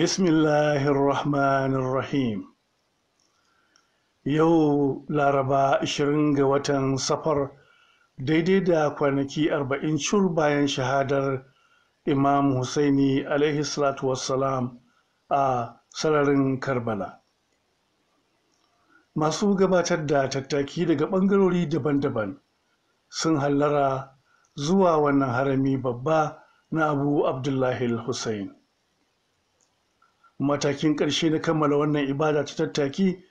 بسم الله الرحمن الرحيم yau laraba 20 ga watan safar daidai da kwanaki 40 shur bayan shahadar imam husaini alaihi salatu wassalam a sararin karbala masu gabatar da tattaki daga ɓangarori daban-daban sun hallara zuwa wannan harami babba na abu abdullahi hussein matakin ƙarshe na kammala wannan ibada ta tattaki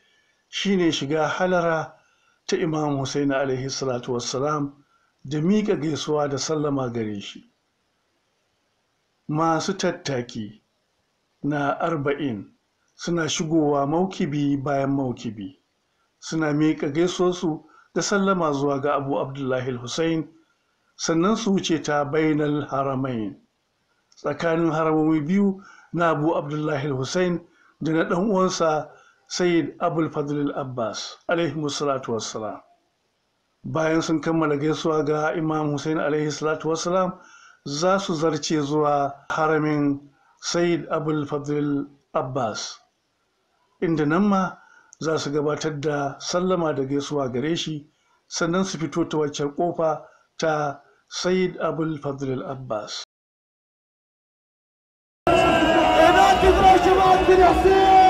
shine shiga halara ta imam Hussein alaihi salatu wassalam da miƙa gaisuwa da sallama gare shi masu tattaki na arba'in suna shigowa maukibi bayan maukibi suna miƙa gaisuwarsu da sallama zuwa ga abu abdullahi hussein sannan su wuce ta bainal haramai, tsakanin haramomi biyu na abu abdullahi hussein da na ɗan uwansa sayyid abul fadlil abbas alaihi salatu wassalam bayan sun kammala gaisuwa ga imam hussein alaihi salatu wassalam za su zarce zuwa haramin sayyid abul fadlil abbas inda nan ma za su gabatar da sallama da gaisuwa gare shi sannan su fito ta waccan kofa ta sayyid abul fadlil abbas Filho